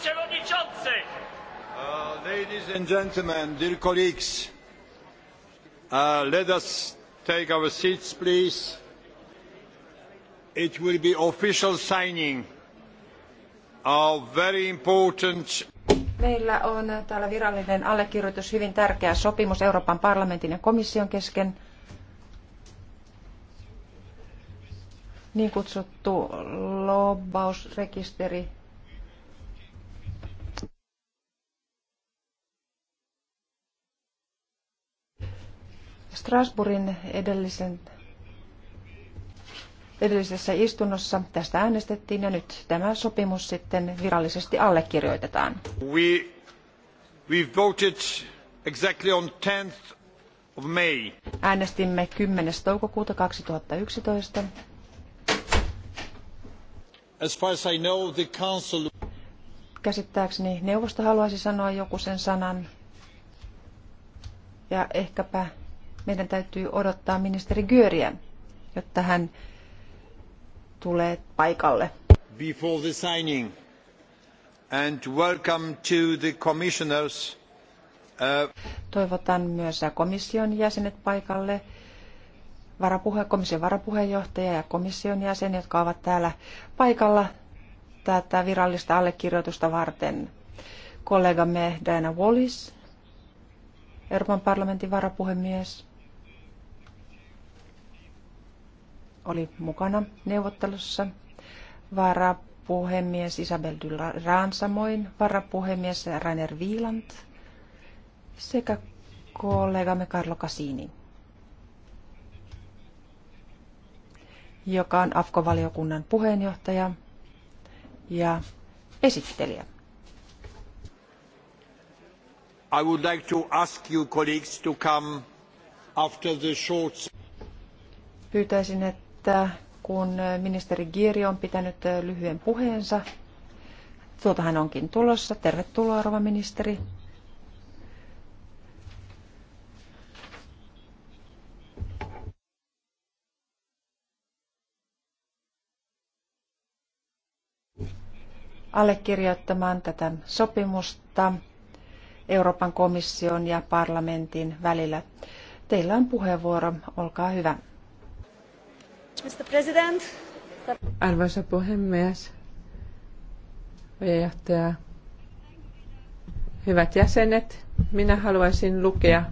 przewodniczący! Uh, ladies and gentlemen, dear colleagues, uh, let us take our seats, please. It will be official signing of very important Meillä on täällä virallinen allekirjoitus, hyvin tärkeä sopimus Euroopan parlamentin ja komission kesken. Niin kutsuttu lobbausrekisteri Strasbourgin edellisen, edellisessä istunnossa tästä äänestettiin ja nyt tämä sopimus sitten virallisesti allekirjoitetaan. We, we voted exactly on 10th of May. Äänestimme 10. toukokuuta 2011. As far as I know, the council... Käsittääkseni neuvosto haluaisi sanoa joku sen sanan. Ja ehkäpä meidän täytyy odottaa ministeri Györiä, jotta hän tulee paikalle. Before the signing and welcome to the commissioners. Uh... Toivotan myös komission jäsenet paikalle, varapuhe, komission varapuheenjohtaja ja komission jäsen, jotka ovat täällä paikalla tätä virallista allekirjoitusta varten. Kollegamme Diana Wallis, Euroopan parlamentin varapuhemies, oli mukana neuvottelussa. Varapuhemies Isabel Duran samoin, varapuhemies Rainer Wieland sekä kollegamme Carlo Cassini, joka on AFKO-valiokunnan puheenjohtaja ja esittelijä. I would like to ask you colleagues to come after the short pyytäisin, että että kun ministeri Gieri on pitänyt lyhyen puheensa, tuota hän onkin tulossa. Tervetuloa, rouva ministeri. allekirjoittamaan tätä sopimusta Euroopan komission ja parlamentin välillä. Teillä on puheenvuoro, olkaa hyvä. Mr. President. Arvoisa puhemies, puheenjohtaja, hyvät jäsenet, minä haluaisin lukea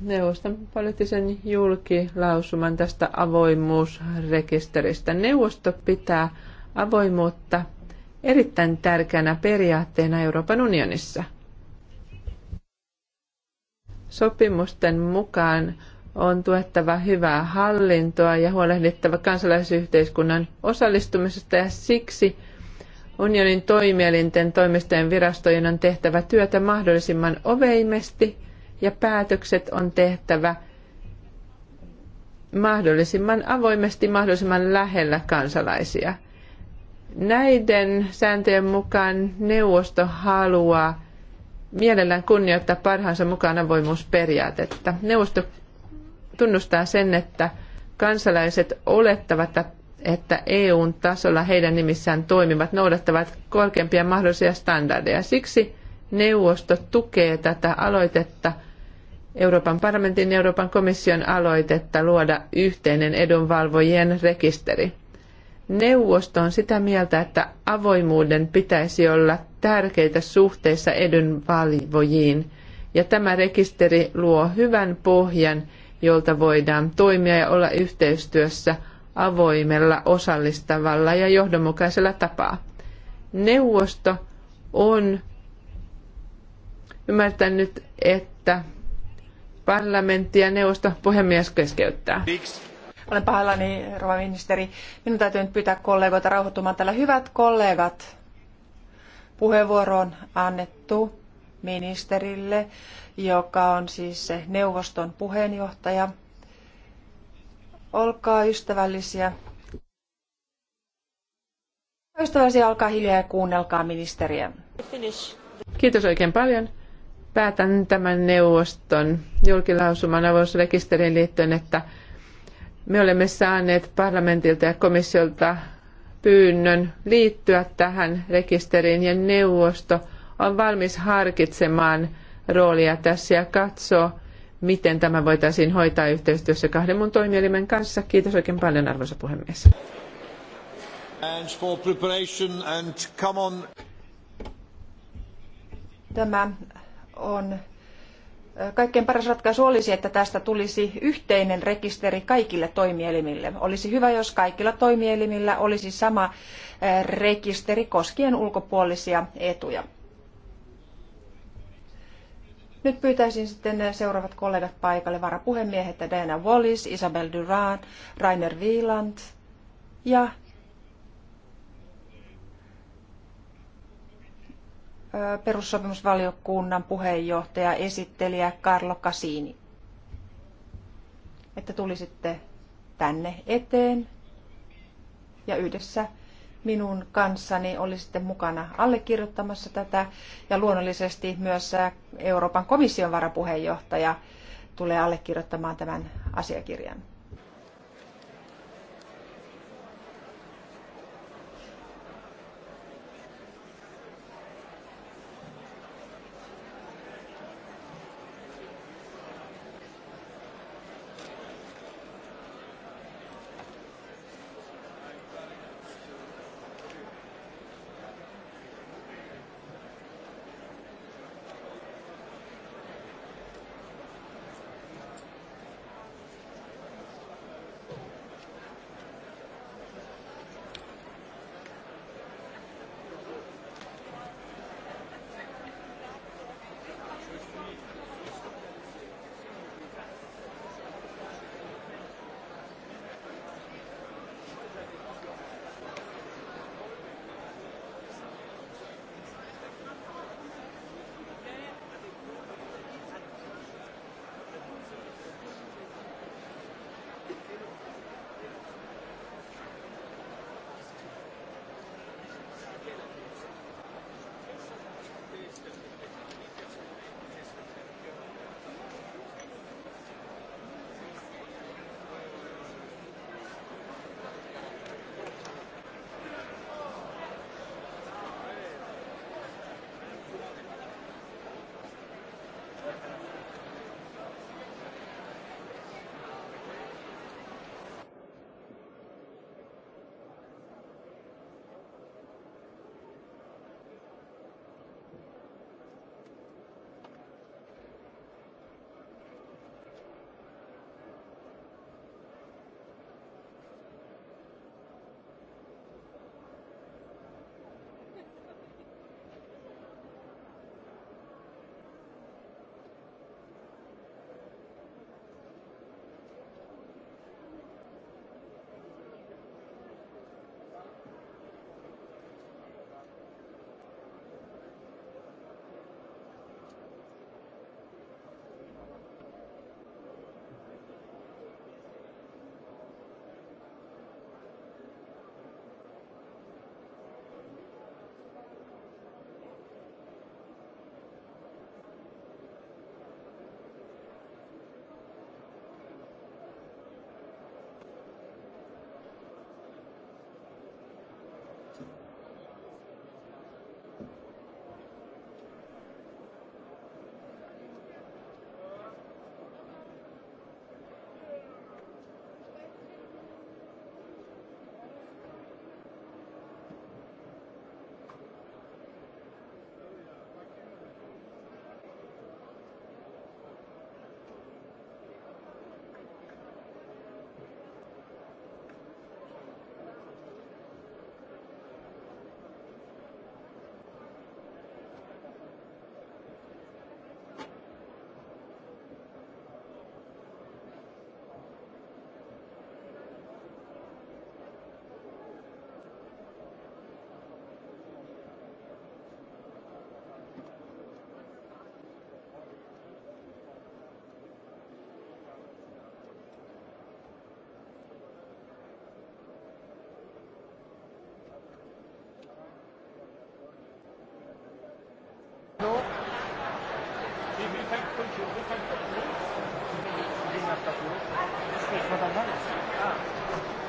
neuvoston poliittisen julkilausuman tästä avoimuusrekisteristä. Neuvosto pitää avoimuutta erittäin tärkeänä periaatteena Euroopan unionissa. Sopimusten mukaan on tuettava hyvää hallintoa ja huolehdittava kansalaisyhteiskunnan osallistumisesta ja siksi unionin toimielinten toimistojen virastojen on tehtävä työtä mahdollisimman oveimesti ja päätökset on tehtävä mahdollisimman avoimesti, mahdollisimman lähellä kansalaisia. Näiden sääntöjen mukaan neuvosto haluaa mielellään kunnioittaa parhaansa mukaan avoimuusperiaatetta. Neuvosto tunnustaa sen, että kansalaiset olettavat, että EUn tasolla heidän nimissään toimivat noudattavat korkeimpia mahdollisia standardeja. Siksi neuvosto tukee tätä aloitetta, Euroopan parlamentin ja Euroopan komission aloitetta luoda yhteinen edunvalvojien rekisteri. Neuvosto on sitä mieltä, että avoimuuden pitäisi olla tärkeitä suhteessa edunvalvojiin, ja tämä rekisteri luo hyvän pohjan – jolta voidaan toimia ja olla yhteistyössä avoimella, osallistavalla ja johdonmukaisella tapaa. Neuvosto on ymmärtänyt, että parlamentti ja neuvosto puhemies keskeyttää. Olen pahallani, rouva ministeri. Minun täytyy nyt pyytää kollegoita rauhoittumaan. Täällä hyvät kollegat, puheenvuoro on annettu ministerille, joka on siis neuvoston puheenjohtaja. Olkaa ystävällisiä. Ystävällisiä, olkaa hiljaa ja kuunnelkaa ministeriä. Kiitos oikein paljon. Päätän tämän neuvoston julkilausuman avausrekisteriin liittyen, että me olemme saaneet parlamentilta ja komissiolta pyynnön liittyä tähän rekisteriin ja neuvosto – on valmis harkitsemaan roolia tässä ja katsoo, miten tämä voitaisiin hoitaa yhteistyössä kahden mun toimielimen kanssa. Kiitos oikein paljon, arvoisa puhemies. Tämä on äh, kaikkein paras ratkaisu olisi, että tästä tulisi yhteinen rekisteri kaikille toimielimille. Olisi hyvä, jos kaikilla toimielimillä olisi sama äh, rekisteri koskien ulkopuolisia etuja. Nyt pyytäisin sitten seuraavat kollegat paikalle, varapuhemiehet Dana Wallis, Isabel Duran, Rainer Wieland ja perussopimusvaliokunnan puheenjohtaja, esittelijä Carlo Casini. Että tulisitte tänne eteen ja yhdessä minun kanssani olisitte mukana allekirjoittamassa tätä. Ja luonnollisesti myös äh, Euroopan komission varapuheenjohtaja tulee allekirjoittamaan tämän asiakirjan.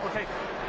Okej. Okay.